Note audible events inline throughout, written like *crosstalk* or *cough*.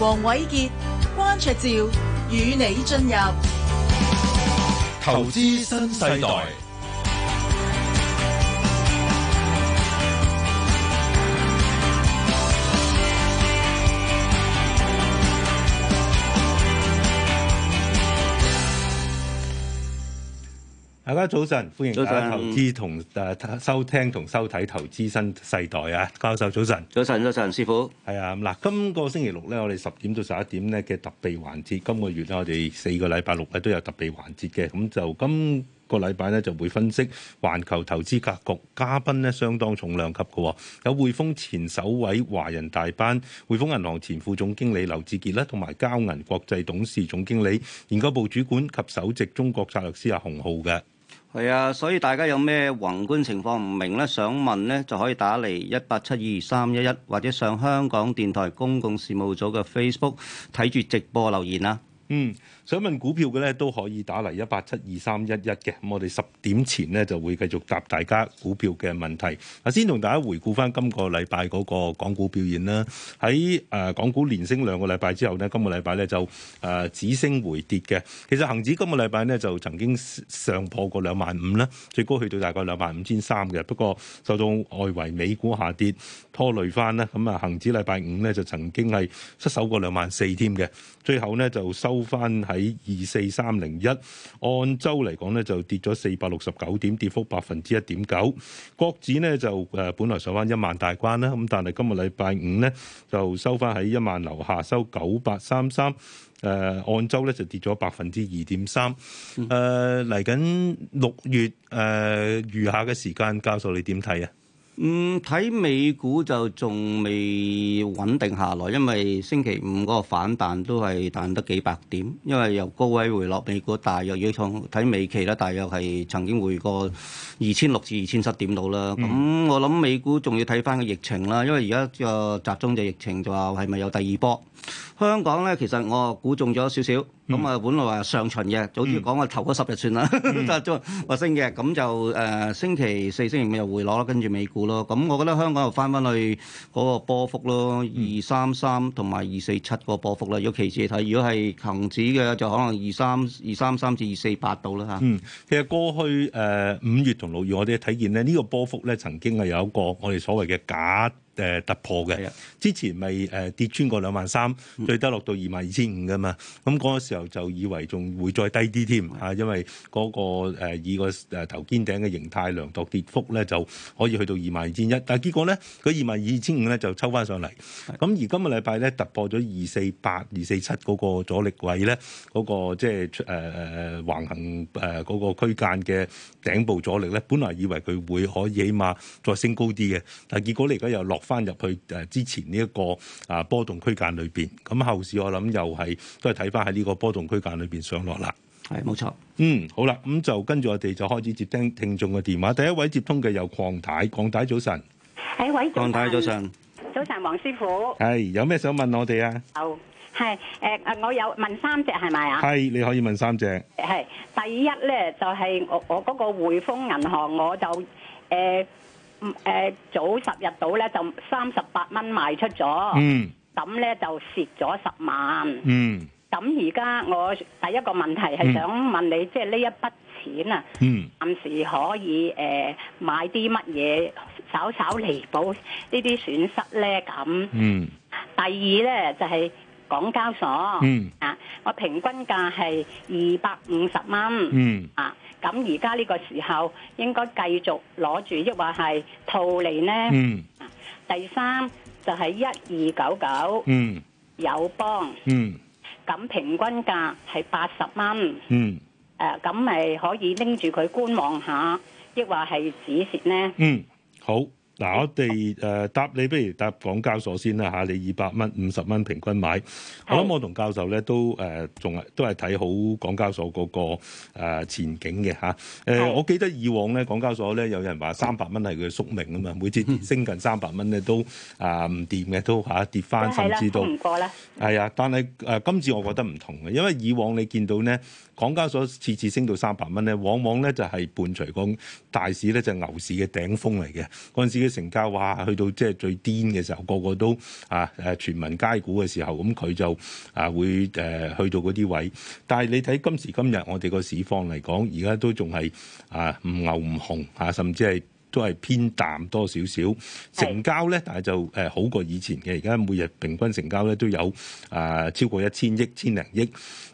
王偉杰、關卓照與你進入投資新世代。大家早晨，歡迎大家早晨、啊、投資同誒、啊、收聽同收睇《投資新世代》啊！教授早晨，早晨早晨，師傅。係啊，嗱，今個星期六咧，我哋十點到十一點咧嘅特備環節，今個月咧我哋四個禮拜六咧都有特備環節嘅，咁就今個禮拜咧就會分析環球投資格局，嘉賓呢，相當重量級嘅，有匯豐前首位華人大班、匯豐銀行前副總經理劉志傑啦，同埋交銀國際董事總經理、研究部主管及首席中國策略師阿洪浩嘅。係啊，所以大家有咩宏觀情況唔明呢，想問呢，就可以打嚟一八七二三一一，或者上香港電台公共事務組嘅 Facebook 睇住直播留言啊。嗯，想問股票嘅咧都可以打嚟一八七二三一一嘅，咁我哋十點前咧就會繼續答大家股票嘅問題。啊，先同大家回顧翻今個禮拜嗰個港股表現啦。喺誒、呃、港股連升兩個禮拜之後呢，今個禮拜呢就誒、呃、止升回跌嘅。其實恒指今個禮拜呢就曾經上破過兩萬五啦，最高去到大概兩萬五千三嘅。不過受到外圍美股下跌拖累翻啦，咁啊恒指禮拜五呢就曾經係失守過兩萬四添嘅，最後呢就收。收翻喺二四三零一，按周嚟講咧就跌咗四百六十九點，跌幅百分之一點九。國指呢就誒、呃，本來上翻一萬大關啦，咁但係今日禮拜五呢就收翻喺一萬樓下，收九百三三，誒，按周咧就跌咗百分之二點三。誒，嚟緊六月誒、呃、餘下嘅時間，教授你點睇啊？嗯，睇美股就仲未穩定下來，因為星期五嗰個反彈都係彈得幾百點，因為由高位回落，美股大約要衝睇美期啦，大約係曾經回過二千六至二千七點度啦。咁、嗯、我諗美股仲要睇翻個疫情啦，因為而家個集中嘅疫情就話係咪有第二波？香港咧，其實我估中咗少少。咁啊，嗯、本來話上旬嘅，早住講我頭嗰十日算啦，就話升嘅，咁就誒星期四、星期五又回落啦，跟住美股咯。咁我覺得香港又翻翻去嗰個波幅咯，嗯、二三三同埋二四七個波幅啦。如果期指睇，如果係恒指嘅，就可能二三二三三至二四八度啦嚇。嗯，其實過去誒、呃、五月同六月，我哋睇見咧，呢、這個波幅咧曾經係有一個我哋所謂嘅假。誒突破嘅，之前咪誒跌穿過兩萬三，嗯，最低落到二萬二千五嘅嘛。咁嗰時候就以為仲會再低啲添，嗯、啊，因為嗰、嗰個誒、呃、以個誒頭肩頂嘅形態量度跌幅咧，就可以去到二萬二千一。但係結果咧，佢二萬二千五咧就抽翻上嚟。咁、嗯、而今個禮拜咧突破咗二四八、二四七嗰個阻力位咧，嗰、嗰個即係誒誒橫行誒嗰、呃嗰個區間嘅頂部阻力咧，本來以為佢會可以起碼再升高啲嘅，但結果咧而家又落翻入去誒之前呢一個啊波動區間裏邊，咁後市我諗又係都係睇翻喺呢個波動區間裏邊上落啦。係冇錯。嗯，好啦，咁就跟住我哋就開始接聽聽眾嘅電話。第一位接通嘅有鄺太，鄺太早晨。誒、欸，喂，鄺太早晨。早晨，黃師傅。係，有咩想問我哋啊？好、哦，係誒誒，我有問三隻係咪啊？係，你可以問三隻。係，第一咧就係、係、我我嗰個匯豐銀行，我就誒。呃誒早十日到咧就三十八蚊賣出咗，咁咧就蝕咗十萬。咁而家我第一個問題係想問你，即係呢一筆錢啊，暫時可以誒買啲乜嘢稍稍彌補呢啲損失咧？咁第二咧就係港交所啊，我平均價係二百五十蚊啊。咁而家呢個時候應該繼續攞住，抑或係套利呢？嗯，第三就係一二九九，嗯，友邦，嗯，咁平均價係八十蚊，嗯，誒咁咪可以拎住佢觀望下，抑或係止蝕呢？嗯，好。嗱，我哋誒答你，不、呃、如回答港交所先啦吓，啊，你二百蚊、五十蚊平均買，的我諗我同教授咧，都誒仲係都係睇好港交所嗰，那個誒，呃、前景嘅吓。誒，啊，我記得以往咧，港交所咧有人話三百蚊係佢嘅宿命啊嘛，每次升近三百蚊咧都啊唔掂嘅，都吓，啊、跌翻，甚至到係啦，都唔過咧。係啊，但係誒，呃、今次我覺得唔同嘅，因為以往你見到咧港交所次次升到三百蚊咧，往往咧就係伴隨講大市咧就是，牛市嘅頂峰嚟嘅嗰陣時。成交話，去到即係最癲嘅時候，個個都啊誒、啊、全民皆股嘅時候，咁、嗯、佢就啊會誒、啊、去到嗰啲位。但係你睇今時今日，我哋個市況嚟講，而家都仲係啊唔牛唔紅啊，甚至係都係偏淡多少少。成交咧，但係就誒好過以前嘅，而家每日平均成交咧都有啊超過一千億、千零億。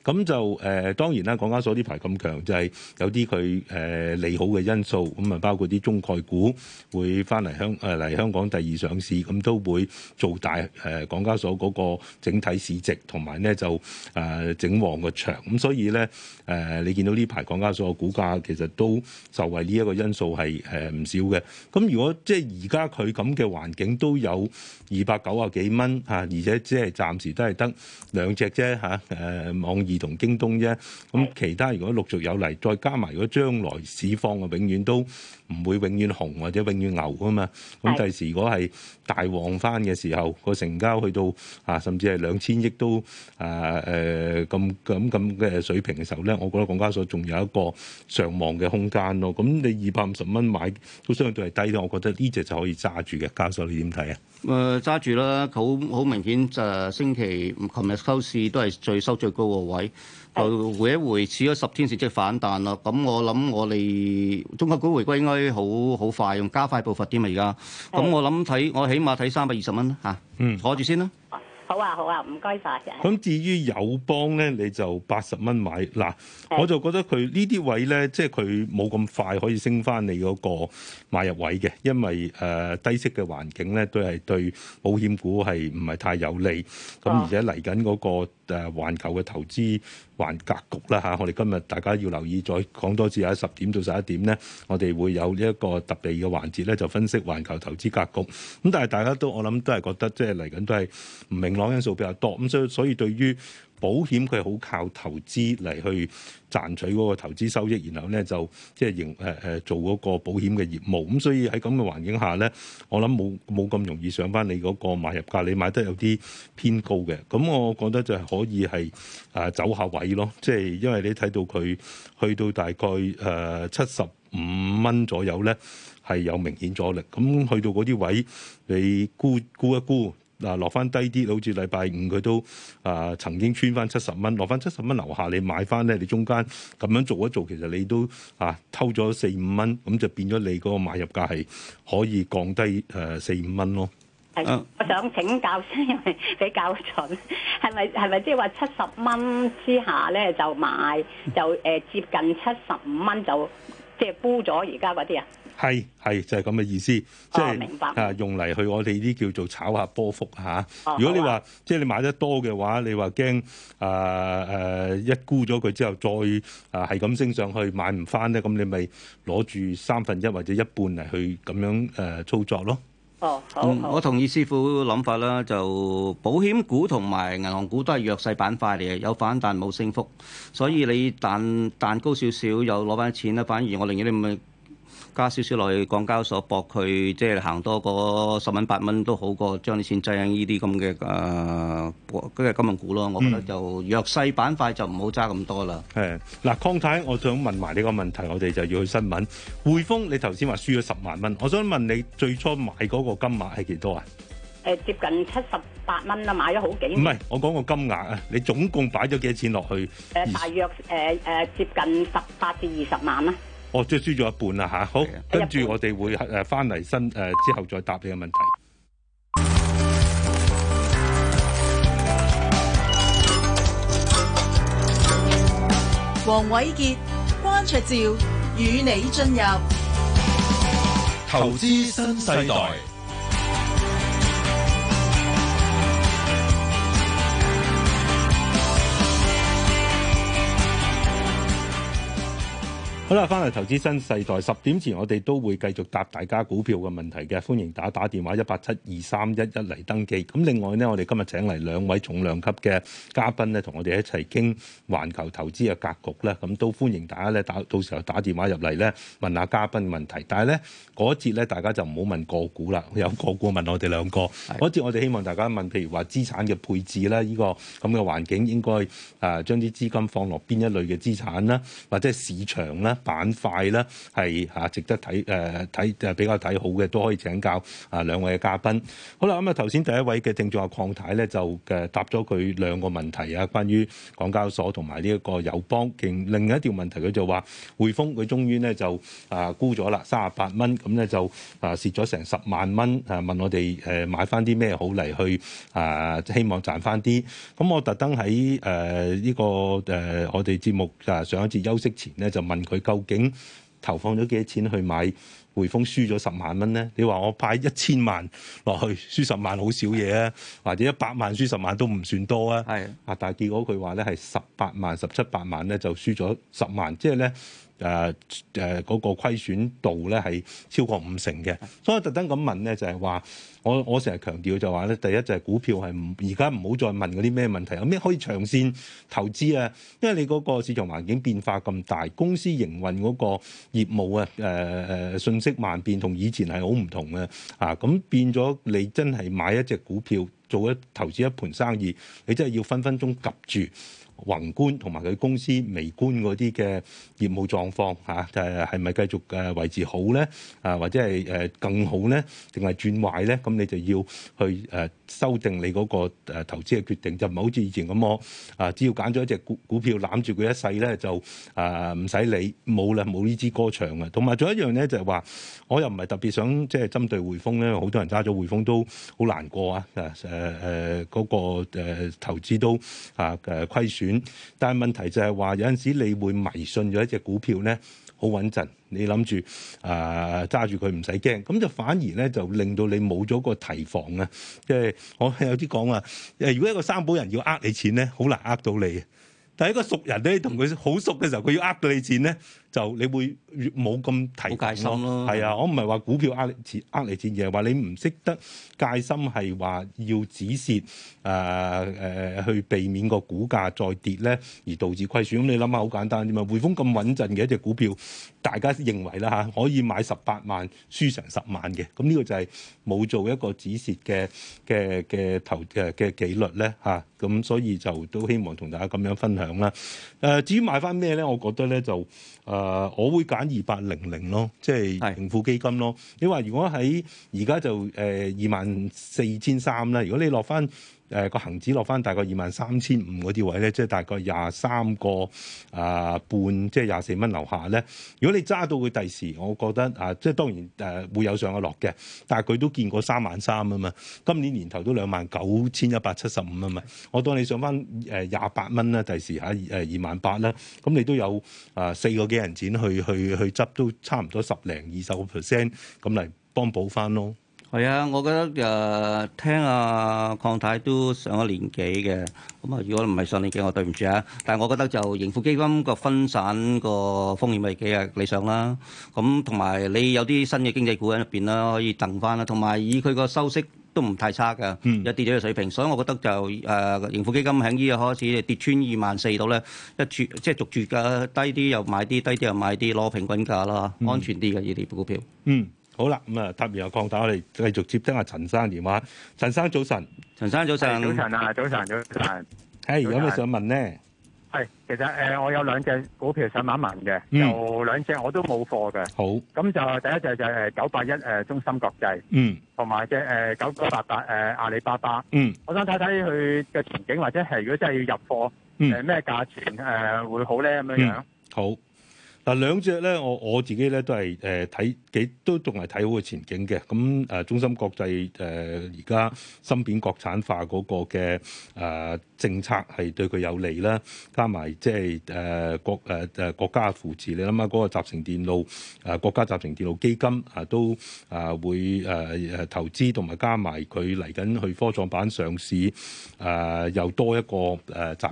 咁就誒、呃、當然啦，港交所呢排咁強，就係、是、有啲佢誒利好嘅因素，咁啊包括啲中概股會翻嚟香誒嚟、呃、香港第二上市，咁都會做大誒、呃、港交所嗰個整體市值，同埋咧就誒、呃、整旺個場，咁所以咧誒、呃、你見到呢排港交所嘅股價其實都受惠呢一個因素係誒唔少嘅。咁如果即係而家佢咁嘅環境都有二百九啊幾蚊嚇，而且即係暫時都係得兩隻啫吓誒。網易、啊啊同京東啫，咁其他如果陸續有嚟，再加埋如果將來市況啊，永遠都唔會永遠紅或者永遠牛啊嘛。咁第時如果係大旺翻嘅時候，個成交去到啊甚至係兩千億都誒誒咁咁咁嘅水平嘅時候咧，我覺得港交所仲有一個上望嘅空間咯。咁你二百五十蚊買都相對係低啲，我覺得呢隻就可以揸住嘅。港交所你點睇啊？誒揸住啦，好好明顯就、呃、星期琴日收市都係最收最高個位。就回一回，始咗十天線，即係反彈啦。咁我諗我哋中國股回歸應該好好快，用加快步伐啲嘛。而家咁我諗睇，我起碼睇三百二十蚊啦。吓、啊，嗯，坐住先啦。好啊，好啊，唔該曬。咁至於友邦咧，你就八十蚊買嗱，的我就覺得佢呢啲位咧，即係佢冇咁快可以升翻你嗰個買入位嘅，因為誒、呃、低息嘅環境咧，都係對保險股係唔係太有利。咁而且嚟緊嗰個。誒，環球嘅投資環格局啦，嚇、啊，我哋今日大家要留意，再講多次啊！十點到十一點咧，我哋會有一個特別嘅環節咧，就分析環球投資格局。咁但係大家都我諗都係覺得，即係嚟緊都係唔明朗因素比較多。咁所以所以對於保險佢係好靠投資嚟去賺取嗰個投資收益，然後咧就即係營誒誒、呃、做嗰個保險嘅業務。咁所以喺咁嘅環境下咧，我諗冇冇咁容易上返你嗰個買入價，你買得有啲偏高嘅。咁我覺得就係可以係啊走下位咯，即係因為你睇到佢去到大概誒七十五蚊左右咧係有明顯阻力。咁去到嗰啲位，你沽沽一沽。嗱，落翻低啲，好似禮拜五佢都啊、呃、曾經穿翻七十蚊，落翻七十蚊樓下，你買翻咧，你中間咁樣做一做，其實你都啊偷咗四五蚊，咁就變咗你嗰個買入價係可以降低誒四五蚊咯。係，我想請教先，因為比較蠢，係咪係咪即係話七十蚊之下咧就買，就誒、呃、接近七十五蚊就即係沽咗而家嗰啲啊？就是係係就係咁嘅意思，即係啊用嚟去我哋啲叫做炒下波幅嚇、啊。如果你話、哦啊、即係你買得多嘅話，你話驚啊誒一沽咗佢之後再啊係咁升上去買唔翻咧，咁你咪攞住三分一或者一半嚟去咁樣誒操作咯。哦、嗯，我同意師傅諗法啦。就保險股同埋銀行股都係弱勢板塊嚟嘅，有反彈冇升幅，所以你彈彈高少少又攞翻啲錢咧，反而我寧願你唔咪。加少少落去港交所搏佢，即係行多個十蚊八蚊都好過將啲錢擠喺呢啲咁嘅誒，即係金融股咯。我覺得就弱勢板塊就唔好揸咁多啦。誒，嗱，康太，我想問埋呢個問題，我哋就要去新聞。匯豐，你頭先話輸咗十萬蚊，我想問你最初買嗰個金額係幾多啊？誒，接近七十八蚊啦，買咗好幾。唔係，我講個金額啊，你總共擺咗幾多錢落去？誒，大約誒誒接近十八至二十萬啦。我再輸咗一半啦吓，好，跟住的我哋會誒翻嚟新誒之後再答你嘅問題。王偉傑、關卓照與你進入投資新世代。好啦，翻嚟投資新世代，十點前我哋都會繼續答大家股票嘅問題嘅，歡迎打打電話一八七二三一一嚟登記。咁另外呢，我哋今日請嚟兩位重量級嘅嘉賓咧，同我哋一齊傾環球投資嘅格局啦。咁都歡迎大家咧打到時候打電話入嚟咧，問下嘉賓問題。但係咧嗰節咧，大家就唔好問個股啦，有個股問我哋兩個。嗰是節我哋希望大家問，譬如話資產嘅配置啦，呢、呢個咁嘅環境應該誒、呃、將啲資金放落邊一類嘅資產啦，或者係市場啦。板塊咧，係啊值得睇、誒睇、比較睇好嘅，都可以請教啊兩位嘅嘉賓。好啦，咁啊頭先第一位嘅聽眾啊鄺太咧就嘅答咗佢兩個問題啊，關於港交所同埋呢一個友邦。另另一條問題，佢就話匯豐佢終於咧就啊沽咗啦，三十八蚊，咁咧就啊蝕咗成十萬蚊啊，問我哋誒買翻啲咩好嚟去啊、呃、希望賺翻啲。咁我特登喺誒呢個誒、呃、我哋節目啊上一節休息前咧就問佢。究竟投放咗幾多錢去買匯豐輸咗十萬蚊咧？你話我派一千萬落去，輸十萬好少嘢啊，或者一百萬輸十萬都唔算多啊。係啊，但係結果佢話咧係十八萬十七八萬咧就輸咗十萬，即係咧。誒誒嗰個虧損度咧係超過五成嘅，所以特登咁問咧就係話，我我成日強調就話咧，第一就係股票係唔而家唔好再問嗰啲咩問題，有咩可以長線投資啊？因為你嗰個市場環境變化咁大，公司營運嗰個業務啊，誒誒瞬息萬變，同以前係好唔同嘅啊，咁變咗你真係買一隻股票做一投資一盤生意，你真係要分分鐘及住。宏觀同埋佢公司微觀嗰啲嘅業務狀況吓，就係係咪繼續誒維持好咧？啊，或者係誒更好咧，定係轉壞咧？咁你就要去誒修正你嗰個誒、啊、投資嘅決定，就唔係好似以前咁我啊，只要揀咗一隻股股票，攬住佢一世咧就誒唔使理冇啦，冇呢支歌唱嘅。同埋仲有一樣咧，就係、係、話我又唔係特別想即係針對匯豐咧，好多人揸咗匯豐都好難過啊！誒誒嗰個誒、啊、投資都啊誒虧損。啊但係問題就係話有陣時你會迷信咗一隻股票咧，好穩陣，你諗住啊揸住佢唔使驚，咁、呃、就反而咧就令到你冇咗個提防啊！即、就、係、是、我係有啲講話，如果一個生保人要呃你錢咧，好難呃到你；但係一個熟人咧，同佢好熟嘅時候，佢要呃到你錢咧。就你會越冇咁睇戒心咯，係啊，我唔係話股票呃你錢呃你錢，而係話你唔識得戒心，係話要止蝕啊誒去避免個股價再跌咧，而導致虧損。咁你諗下好簡單啫嘛，匯豐咁穩陣嘅一隻股票，大家認為啦嚇可以買十八萬，輸成十萬嘅。咁呢個就係冇做一個止蝕嘅嘅嘅投嘅嘅紀律咧嚇。咁所以就都希望同大家咁樣分享啦。誒、呃，至於買翻咩咧，我覺得咧就。誒、呃，我會揀二八零零咯，即係盈富基金咯。你話是的 如果喺而家就誒二萬四千三啦，如果你落翻。誒、呃、個恒指落翻大概二萬三千五嗰啲位咧，即係大概廿三個啊，半，即係廿四蚊樓下咧。如果你揸到佢第時，我覺得啊、呃，即係當然誒、呃、會有上有落嘅，但係佢都見過三萬三啊嘛。今年年頭都兩萬九千一百七十五啊嘛。我當你上翻誒廿八蚊啦，第時嚇誒二萬八啦，咁你都有啊四個幾人錢去去去執都差唔多十零二十個 percent 咁嚟幫補翻咯。係啊，我覺得誒、呃、聽阿、啊、鄺太都上咗年紀嘅，咁啊如果唔係上年紀，我對唔住啊。但係我覺得就盈富基金個分散個風險係幾啊理想啦。咁同埋你有啲新嘅經濟股喺入邊啦，可以掟翻啦。同埋以佢個收息都唔太差㗎，有、嗯、跌咗嘅水平。所以我覺得就誒、呃、盈富基金喺依個開始跌穿二萬四度咧，一絕即係逐絕嘅低啲又買啲，低啲又買啲攞平均價啦，嗯、安全啲嘅呢啲股票。嗯。好啦，咁、嗯、啊，搭、嗯、完又擴大，我哋繼續接聽阿陳生電話。陳生早晨，陳生早晨，早晨，早晨啊，早晨早晨，係、hey，有咩想問咧？係，其實誒、呃，我有兩隻股票想問一問嘅，有兩隻我都冇貨嘅。好，咁就第一隻就係九八一誒中芯國際，嗯、就是，同埋即係九九八八誒阿里巴巴，嗯，我想睇睇佢嘅前景，或者係如果真係要入貨，誒、呃、咩價錢誒、呃、會好咧咁樣樣、嗯嗯。好。嗱兩隻咧，我我自己咧都係誒睇幾都仲係睇好個前景嘅。咁誒中芯國際誒而家芯片國產化嗰個嘅誒、呃、政策係對佢有利啦，加埋即係誒國誒誒、呃、國家扶持。你諗下嗰個集成電路誒、呃、國家集成電路基金啊，都啊會誒誒、呃、投資同埋加埋佢嚟緊去科創板上市，誒、啊、又多一個誒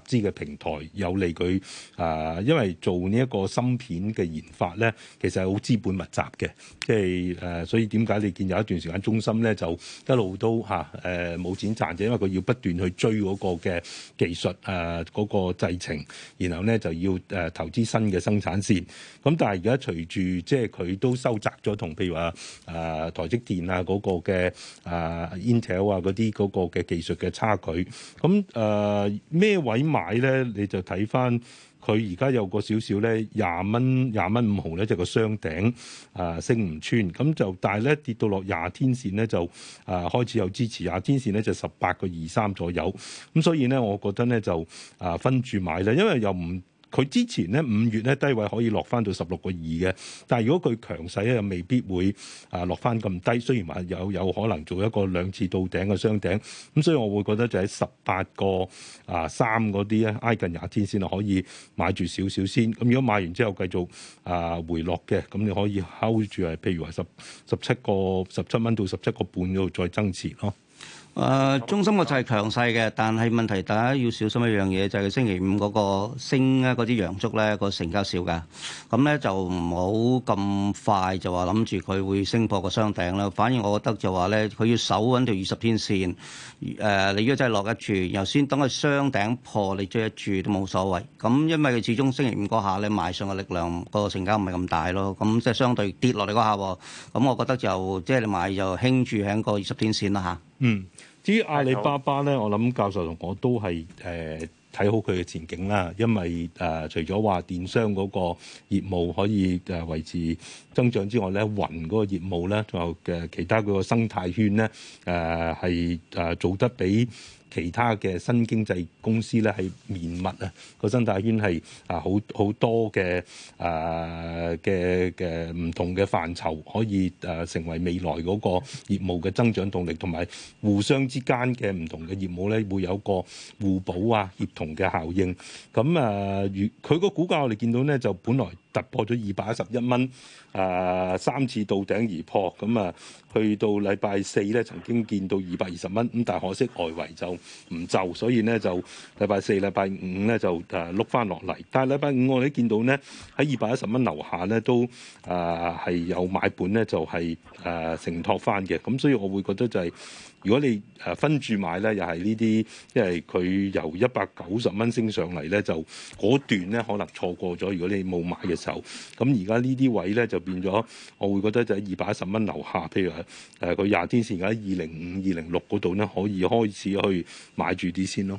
集資嘅平台，有利佢啊、呃，因為做呢一個芯片。咁嘅研發咧，其實係好資本密集嘅，即係誒、呃，所以點解你見有一段時間中芯咧，就一路都嚇誒冇錢賺，只因為佢要不斷去追嗰個嘅技術誒嗰、呃嗰個製程，然後咧就要誒、呃、投資新嘅生產線。咁但係而家隨住即係佢都收窄咗同譬如話誒、呃、台積電啊嗰、嗰個嘅誒、啊、Intel 啊嗰啲嗰個嘅技術嘅差距，咁誒咩位買咧？你就睇翻。佢而家有個少少咧，廿蚊廿蚊五毫咧，就係個雙頂，啊升唔穿，咁就但係咧跌到落廿天線咧，就啊開始有支持，廿天線咧就十八個二三左右，咁所以咧，我覺得咧就啊分住買咧，因為又唔。佢之前咧五月咧低位可以落翻到十六個二嘅，但係如果佢強勢咧，又未必會啊落翻咁低。雖然話有有可能做一個兩次到頂嘅雙頂，咁所以我會覺得就喺十八個啊三嗰啲咧挨近廿天先啊，可以買住少少先。咁如果買完之後繼續啊回落嘅，咁你可以睺住係譬如話十十七個十七蚊到十七個半嗰度再增持咯。誒、呃、中心嘅就係強勢嘅，但係問題大家要小心一樣嘢，就係、是、星期五嗰個升啊嗰啲陽燭咧、那個成交少㗎，咁、嗯、咧就唔好咁快就話諗住佢會升破個雙頂啦。反而我覺得就話咧，佢要守穩條二十天線誒、呃，你如果真係落一注，然後先等佢雙頂破，你追一注都冇所謂。咁、嗯、因為佢始終星期五嗰下咧買上嘅力量、那個成交唔係咁大咯，咁、嗯、即係相對跌落嚟嗰下，咁、嗯、我覺得就即係你買就輕住喺個二十天線啦嚇。啊。嗯，至於阿里巴巴咧，我諗教授同我都係誒睇好佢嘅前景啦，因為誒、呃、除咗話電商嗰個業務可以誒維持增長之外咧，雲嗰個業務咧，仲有嘅其他嗰個生態圈咧，誒係誒做得比其他嘅新經濟公司咧係綿密新大啊，個生態圈係啊好好多嘅誒嘅嘅唔同嘅範疇可以誒、啊、成為未來嗰個業務嘅增長動力，同埋互相之間嘅唔同嘅業務咧會有一個互補啊協同嘅效應，咁啊，如佢個股價，我哋見到咧就本來。突破咗二百一十一蚊，啊、呃、三次到頂而破，咁啊去到禮拜四咧，曾經見到二百二十蚊，咁但係可惜外圍就唔就，所以咧就禮拜四、禮拜五咧就誒碌翻落嚟。但係禮拜五我哋見到咧喺二百一十蚊樓下咧都啊係、呃、有買本咧，就係誒承托翻嘅，咁所以我會覺得就係、是。如果你誒分住買咧，又係呢啲，因為佢由一百九十蚊升上嚟咧，就嗰段咧可能錯過咗。如果你冇買嘅時候，咁而家呢啲位咧就變咗，我會覺得就係二百一十蚊樓下，譬如誒佢廿天線而家二零五、二零六嗰度咧，可以開始去買住啲先咯。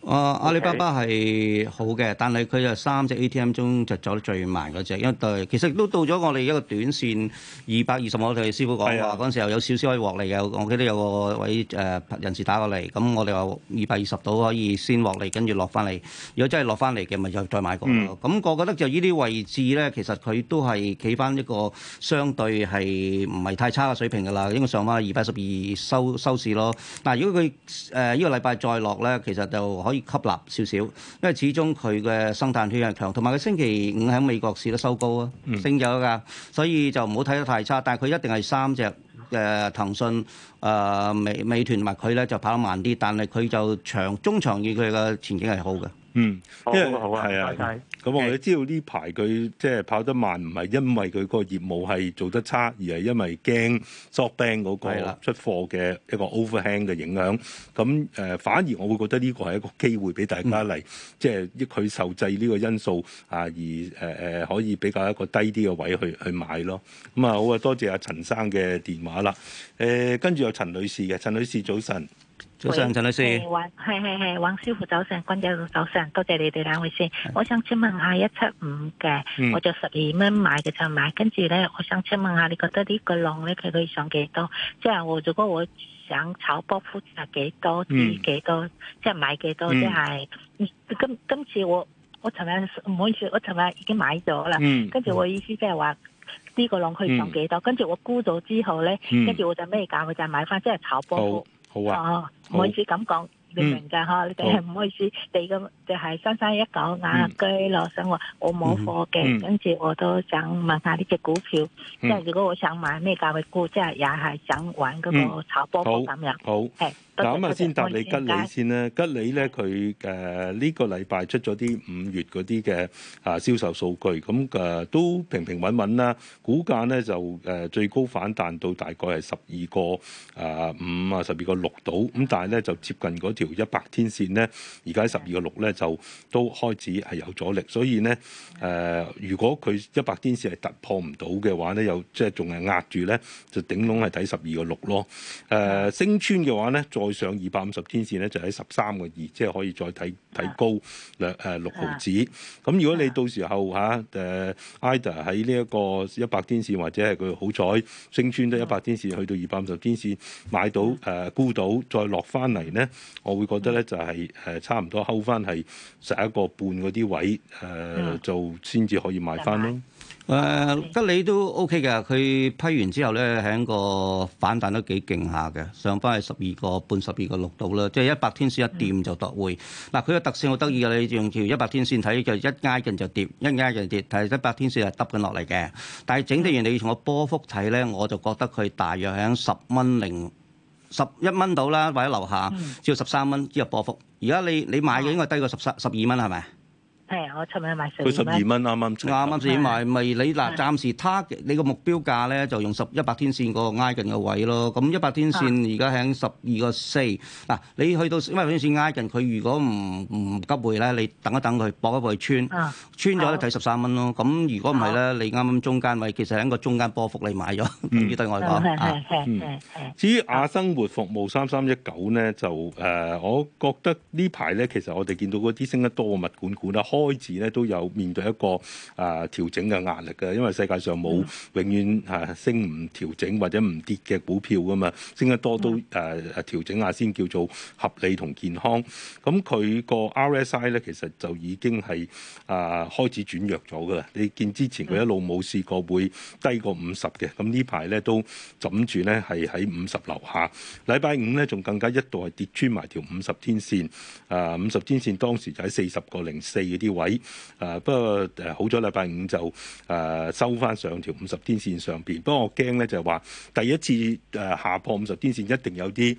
啊，uh, Okay. 阿里巴巴係好嘅，但係佢就三隻 ATM 中就走得最慢嗰隻，因為對其實都到咗我哋一個短線二百二十，220，我哋師傅講話嗰陣時候有少少可以獲利嘅，我記得有個位誒、呃、人士打過嚟，咁我哋話二百二十度可以先獲利，跟住落翻嚟。如果真係落翻嚟嘅，咪又再買過咯。咁、嗯嗯、我覺得就呢啲位置咧，其實佢都係企翻一個相對係唔係太差嘅水平㗎啦，應該上翻二百十二收收市咯。但係如果佢誒呢個禮拜再落咧，其實就～可以吸納少少，因為始終佢嘅生態圈係強，同埋佢星期五喺美國市都收高啊，嗯、升咗㗎，所以就唔好睇得太差。但係佢一定係三隻誒騰訊、誒、呃、美美團呢，同埋佢咧就跑得慢啲，但係佢就長中長遠佢嘅前景係好嘅。嗯，因為係啊，咁我哋知道呢排佢即係跑得慢，唔係因為佢個業務係做得差，而係因為驚 SoftBank 嗰個出貨嘅一個 overhang 嘅影響。咁誒，反而我會覺得呢個係一個機會俾大家嚟，即係佢受制呢個因素啊，而誒誒可以比較一個低啲嘅位去去買咯。咁啊，好啊，多謝阿陳生嘅電話啦。誒，跟住有陳女士嘅，陳女士早晨。早上，陳女士係係係，黃師傅早上，君仔早上，多謝你哋兩位先。我想請問下一七五嘅，我就十二蚊買嘅就買，跟住咧，我想請問下，你覺得呢個浪咧，佢可以上幾多？即係我如果我想炒波幅，就幾多？嗯，幾、嗯、多？即係買幾多？即、嗯、係，今今次我我尋晚唔好意思，我尋晚已經買咗啦。跟住我意思即係話呢個浪可以上幾多？跟住我沽咗之後咧，跟住我就咩價我就買翻，即係炒波好啊！唔好，好意思咁講，你明噶嗬、嗯，你哋係唔好意思，你咁就係三三一九，雅居樂想話我冇貨嘅，跟住、嗯、我都想問下呢隻股票，即係、嗯、如果我想買咩價位股，即係也係想玩嗰個炒波波咁樣，嗯、好係。好嗱咁啊，先答你吉利先啦。吉利咧佢誒呢個禮拜出咗啲五月嗰啲嘅啊銷售數據，咁誒都平平穩穩啦，股價咧就誒最高反彈到大概係十二個啊五啊十二個六度，咁但係咧就接近嗰條一百天線咧，而家十二個六咧就都開始係有阻力，所以咧誒如果佢一百天線係突破唔到嘅話咧，又即係仲係壓住咧，就頂籠係睇十二個六咯。誒升穿嘅話咧再。上二百五十天線咧，就喺十三個二，即係可以再睇睇高兩誒六毫子。咁、嗯、如果你到時候吓誒 Idea 喺呢一個一百天線，或者係佢好彩升穿得一百天線去到二百五十天線買到誒沽到再落翻嚟咧，我會覺得咧就係、是、誒差唔多睺翻係十一個半嗰啲位誒、嗯呃、就先至可以買翻咯。誒、呃，吉利都 OK 嘅，佢批完之後咧，喺個反彈都幾勁下嘅，上翻係十二個半，十二個六度啦。即係一百天線一掂就落會，嗱佢個特性好得意嘅，你用條一百天線睇就一挨近就跌，一挨近跌，但係一百天線係耷緊落嚟嘅。但係整體嚟你從個波幅睇咧，我就覺得佢大約喺十蚊零十一蚊到啦，或者樓下的只要十三蚊之後波幅。而家你你買嘅應該低過十十十二蚊係咪？係，我尋日買十二蚊。佢十二蚊啱啱啱啱先買，咪你嗱？暫時，他嘅你個目標價咧，就用十一百天線個挨近嘅位咯。咁一百天線而家喺十二個四。嗱，你去到一百天線挨近，佢如果唔唔急回咧，你等一等佢，搏一步去穿。穿咗睇十三蚊咯。咁如果唔係咧，你啱啱中間位，其實喺個中間波幅你買咗。嗯，於對外講。係係係係。嗯。至於亞生活服務三三一九咧，就誒，我覺得呢排咧，其實我哋見到嗰啲升得多嘅物管股啦，開。開始咧都有面對一個啊調整嘅壓力嘅，因為世界上冇、嗯、永遠嚇、啊、升唔調整或者唔跌嘅股票噶嘛，升得多都誒誒、啊、調整下先叫做合理同健康。咁佢個 RSI 咧其實就已經係啊開始轉弱咗噶啦。你見之前佢一路冇試過會低過五十嘅，咁呢排咧都枕住咧係喺五十樓下。禮拜五咧仲更加一度係跌穿埋條五十天線啊，五十天線當時就喺四十個零四嗰啲。位，啊，不過誒好咗，禮拜五就誒收翻上條五十天線上邊，不過我驚咧就係話第一次誒下破五十天線一定有啲。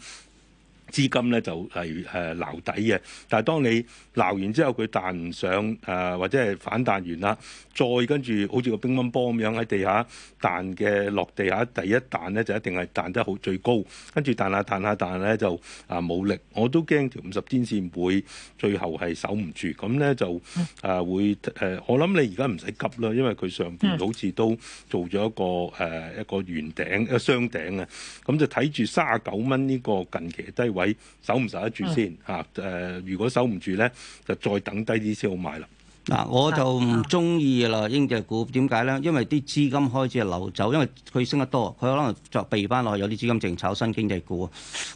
資金咧就係誒撈底嘅，但係當你撈完之後，佢彈唔上誒，或者係反彈完啦，再跟住好似個乒乓波咁樣喺地下彈嘅落地下第一彈咧就一定係彈得好最高，跟住彈下彈下彈咧就啊冇力，我都驚條五十天線會最後係守唔住，咁咧就啊會誒、呃，我諗你而家唔使急啦，因為佢上邊好似都做咗一個誒一個圓頂啊雙頂啊，咁就睇住卅九蚊呢個近期低位。睇守唔守得住先吓？誒、啊呃，如果守唔住咧，就再等低啲先好買啦。嗱，嗯、我就唔中意啦，經濟股點解咧？因為啲資金開始流走，因為佢升得多，佢可能作避翻落去。有啲資金淨炒新經濟股。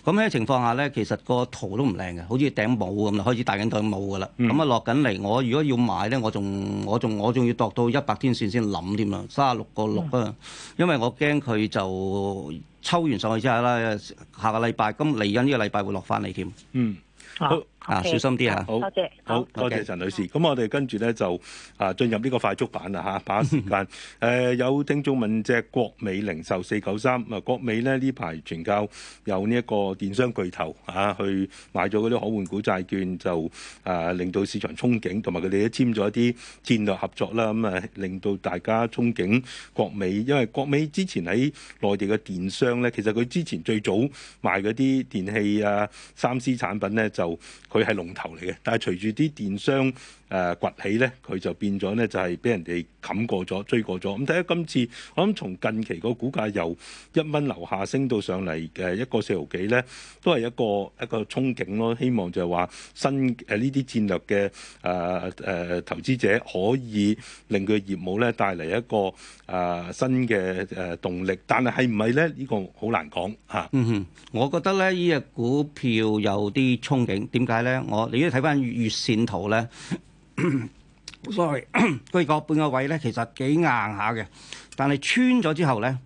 咁呢個情況下咧，其實個圖都唔靚嘅，好似頂帽咁，開始戴緊頂帽噶啦。咁啊落緊嚟，我如果要買咧，我仲我仲我仲要度到一百天線先諗添啦，卅六個六啊，因為我驚佢就抽完上去之後啦，下個禮拜咁嚟緊呢個禮拜會落翻嚟添。嗯。啊啊，小心啲啊！好，多謝，好多謝陳女士。咁我哋跟住咧就啊進入呢個快速版啦嚇、啊，把握時間、 *laughs* 呃。有聽眾問隻國美零售四九三，啊國美咧呢排全靠有呢一個電商巨頭啊去買咗嗰啲可換股債券，就啊令到市場憧憬，同埋佢哋都簽咗一啲戰略合作啦。咁啊令到大家憧憬國美，因為國美之前喺內地嘅電商咧，其實佢之前最早賣嗰啲電器啊三 C 產品咧就。佢係龍頭嚟嘅，但係隨住啲電商誒崛起咧，佢就變咗咧，就係俾人哋冚過咗、追過咗。咁睇下今次，我諗從近期個股價由一蚊樓下升到上嚟嘅一個四毫幾咧，都係一個一個憧憬咯。希望就係話新誒呢啲戰略嘅誒誒投資者可以令佢業務咧帶嚟一個誒、啊、新嘅誒動力。但係係唔係咧？呢、這個好難講吓，啊、嗯哼，我覺得咧呢隻股票有啲憧憬，點解？咧我你都睇翻月月線圖咧，所以佢個半個位咧，其實幾硬下嘅，但係穿咗之後咧，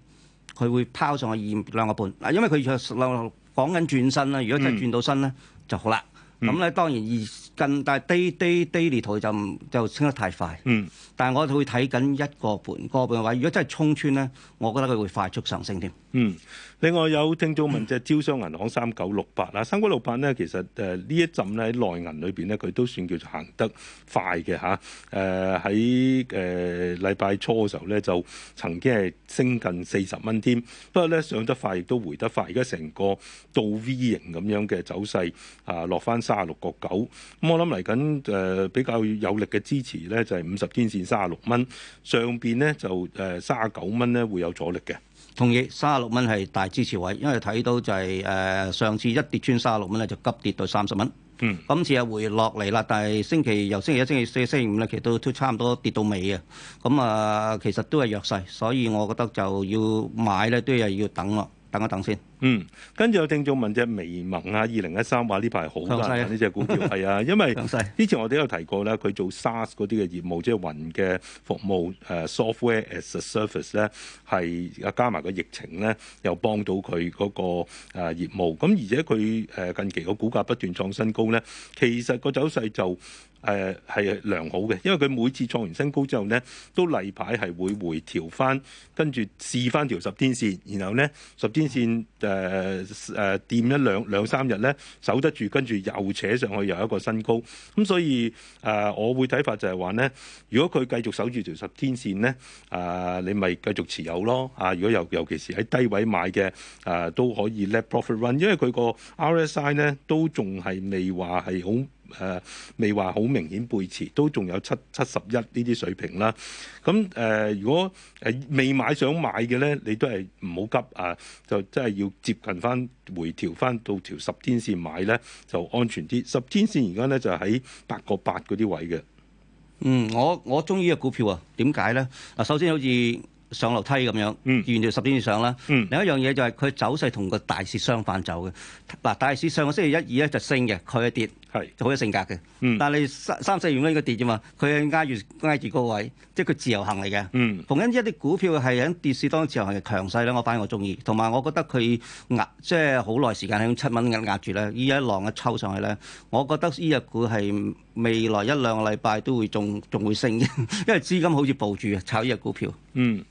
佢會拋上去二兩個半。嗱，因為佢在講緊轉身啦，如果真係轉到身咧、嗯、就好啦。咁咧、嗯、當然而近，但係 daily daily 圖就就升得太快。嗯，但係我會睇緊一個半一個半嘅位。如果真係衝穿咧，我覺得佢會快速上升添。嗯，另外有聽眾問隻招商銀行三九六八啦，三九六八呢，其實誒呢、呃、一陣咧喺內銀裏邊呢，佢都算叫做行得快嘅嚇。誒喺誒禮拜初嘅時候呢，就曾經係升近四十蚊添。不過呢，上得快亦都回得快，而家成個倒 V 型咁樣嘅走勢啊，落翻三十六個九。咁我諗嚟緊誒比較有力嘅支持呢，就係五十天線三十六蚊上邊呢就誒三十九蚊呢，會有阻力嘅。同意，三十六蚊係大支持位，因為睇到就係、是、誒、呃、上次一跌穿三十六蚊咧，就急跌到三十蚊。嗯，今次又回落嚟啦，但係星期由星期一、星期四、星期五咧，其實都都差唔多跌到尾啊。咁、嗯、啊、呃，其實都係弱勢，所以我覺得就要買咧，都係要等啦。等一等先。嗯，跟住有聽眾問隻微盟事啊，二零一三話呢排好㗎呢隻股票，係啊，因為之前我哋有提過啦，佢做 SaaS 嗰啲嘅業務，即係雲嘅服務，誒、呃、Software as a Service 咧，係加埋個疫情咧，又幫到佢嗰個誒業務。咁而且佢誒近期個股價不斷創新高咧，其實個走勢就。誒係、啊、良好嘅，因為佢每次創完新高之後呢，都例牌係會回調翻，跟住試翻條十天線，然後呢，十天線誒誒掂一兩兩三日呢，守得住，跟住又扯上去又一個新高。咁、嗯、所以誒、呃，我會睇法就係話呢，如果佢繼續守住條十天線呢，啊、呃，你咪繼續持有咯。啊，如果有尤其是喺低位買嘅，啊，都可以 let profit run，因為佢個 RSI 呢都仲係未話係好。誒、啊、未話好明顯背馳，都仲有七七十一呢啲水平啦。咁誒、呃，如果誒未買想買嘅咧，你都係唔好急啊。就真係要接近翻回調翻到條十天線買咧，就安全啲。十天線而家咧就喺八個八嗰啲位嘅。嗯，我我中意嘅股票啊，點解咧嗱？首先好似上樓梯咁樣，沿條、嗯、十天線上啦。嗯、另一樣嘢就係佢走勢同個大市相反走嘅嗱。大市上個星期一、二咧就升嘅，佢一跌。係就是好有性格嘅。嗯、但係三三四元蚊一個跌啫嘛，佢係壓住壓住高位，即係佢自由行嚟嘅。逢緊、嗯、一啲股票係喺跌市當中自由行嘅強勢咧，我反而我中意。同埋我覺得佢壓即係好耐時間喺七蚊壓壓住咧，依一浪一抽上去咧，我覺得呢隻股係未來一兩個禮拜都會仲仲會升嘅，因為資金好似佈住炒呢隻股票。嗯，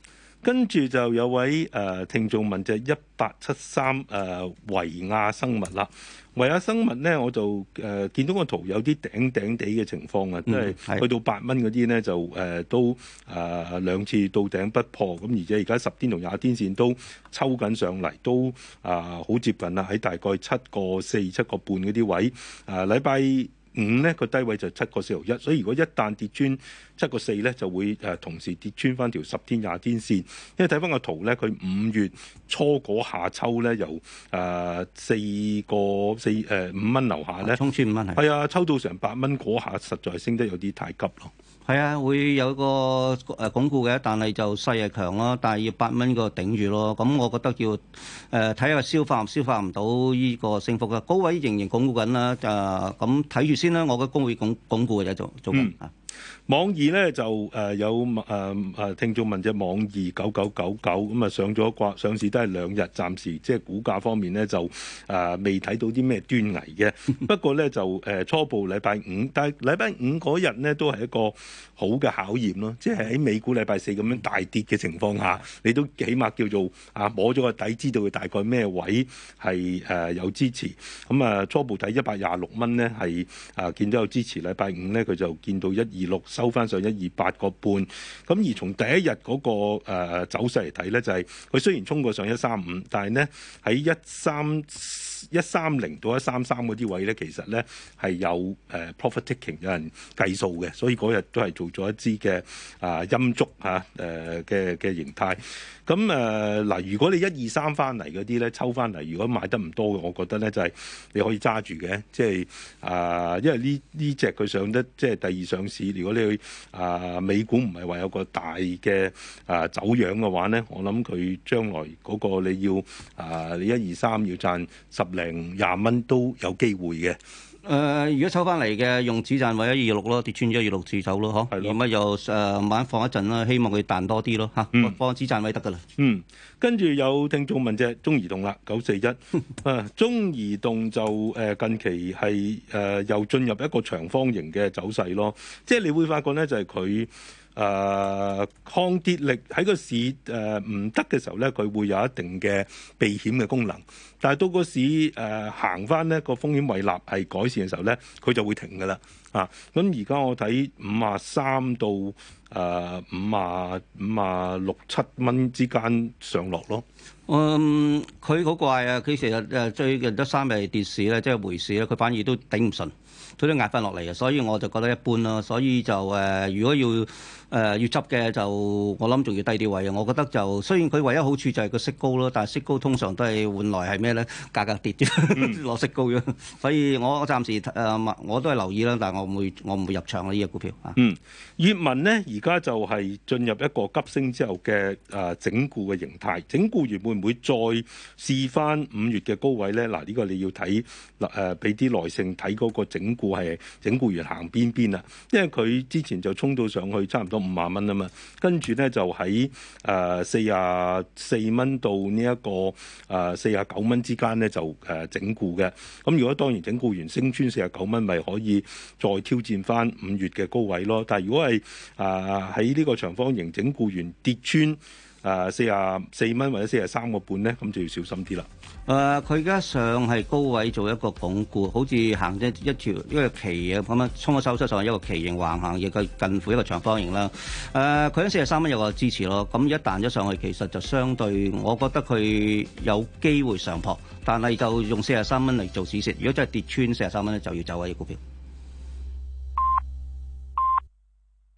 跟住就有位誒、呃、聽眾問就一八七三誒維亞生物啦。嗯為咗生物咧，我就誒、呃、見到個圖有啲頂頂地嘅情況啊，即係、嗯、去到八蚊嗰啲咧就誒都啊兩次到頂不破，咁而且而家十天同廿天線都抽緊上嚟，都啊好、呃、接近啦，喺大概七個四、七個半嗰啲位啊，禮拜五呢個低位就七個四毫一，所以如果一旦跌穿七個四呢，就會誒、呃、同時跌穿翻條十天廿天線。因為睇翻個圖呢，佢五月初嗰下抽呢，由誒四個四誒五蚊樓下呢，衝穿五蚊係。係啊，抽、嗯、到成八蚊嗰下，實在升得有啲太急咯。係啊，會有個誒鞏固嘅，但係就勢係強咯，但係要八蚊個頂住咯。咁我覺得要誒睇下消化唔消化唔到呢個升幅啊。高位仍然鞏固緊啦。就咁睇住先啦。我覺得工會鞏鞏固嘅啫，做做緊啊。嗯網易咧就誒有誒誒聽眾問隻網易九九九九咁啊，上咗掛上市都係兩日，暫時即係股價方面咧就誒未睇到啲咩端倪嘅。不過咧就誒、呃、初步禮拜五，但係禮拜五嗰日咧都係一個好嘅考驗咯。即係喺美股禮拜四咁樣大跌嘅情況下，你都起碼叫做啊摸咗個底，知道佢大概咩位係誒、啊、有支持。咁、嗯、啊初步睇一百廿六蚊咧係啊見到有支持。禮拜五咧佢就見到一二六。收翻上一二八個半，咁而從第一日嗰個誒走勢嚟睇呢，就係佢雖然衝過上一三五，但係呢喺一三。一三零到一三三嗰啲位咧，其實咧係有誒 profit-taking 有人計數嘅，所以嗰日都係做咗一支嘅啊陰燭啊誒嘅嘅形態。咁誒嗱，如果你一二三翻嚟嗰啲咧抽翻嚟，如果買得唔多嘅，我覺得咧就係、是、你可以揸住嘅，即、就、係、是、啊，因為呢呢隻佢上得即係、就是、第二上市，如果你去啊美股唔係話有個大嘅啊走樣嘅話咧，我諗佢將來嗰個你要啊你一二三要賺十。零廿蚊都有機會嘅。誒、呃，如果抽翻嚟嘅，用止賺位一二六咯，跌穿一二六次走咯，嗬。係。咁啊，的又誒，晚、呃、放一陣啦，希望佢彈多啲咯，吓、啊。嗯、放止賺位得噶啦。嗯。跟住有聽眾問隻中移動啦，九四一。啊，中移動， *laughs* 中移動就誒、呃、近期係誒、呃、又進入一個長方形嘅走勢咯，即係你會發覺咧，就係、是、佢。誒抗跌力喺個市誒唔得嘅時候咧，佢會有一定嘅避險嘅功能。但係到個市誒、uh, 行翻呢個風險位立係改善嘅時候咧，佢就會停㗎啦。啊、uh，咁而家我睇五啊三到誒五啊五啊六七蚊之間上落咯。嗯，佢好怪啊！佢其實誒最近得三日跌市咧，即係回市咧，佢反而都頂唔順，佢都壓翻落嚟啊！所以我就覺得一般咯、啊。所以就誒、啊，如果要誒要執嘅就我諗仲要低啲位啊！我覺得就雖然佢唯一好處就係個息高咯，但係息高通常都係換來係咩咧？價格跌啫，攞、嗯、 *laughs* 息高嘅。所以我暫時誒、呃，我都係留意啦，但係我唔會，我唔會入場呢隻股票啊。嗯，越文呢而家就係進入一個急升之後嘅誒、呃、整固嘅形態，整固完會唔會再試翻五月嘅高位咧？嗱、呃，呢、呢個你要睇嗱俾啲耐性睇嗰個整固係整固完行邊邊啊！因為佢之前就衝到上去差唔多。五萬蚊啊嘛，跟住呢就喺誒四廿四蚊到呢一個誒四廿九蚊之間呢，就誒整固嘅。咁如果當然整固完升穿四廿九蚊，咪可以再挑戰翻五月嘅高位咯。但係如果係誒喺呢個長方形整固完跌穿，啊，四廿四蚊或者四廿三個半咧，咁就要小心啲啦。誒，佢而家上係高位做一個鞏固，好似行咗一條，因為期嘢咁樣，沖咗收出上係一個旗形橫行，亦係近乎一個長方形啦。誒、呃，佢喺四廿三蚊有個支持咯。咁一彈咗上去，其實就相對，我覺得佢有機會上破，但係就用四廿三蚊嚟做止蝕。如果真係跌穿四廿三蚊咧，就要走位啲股票。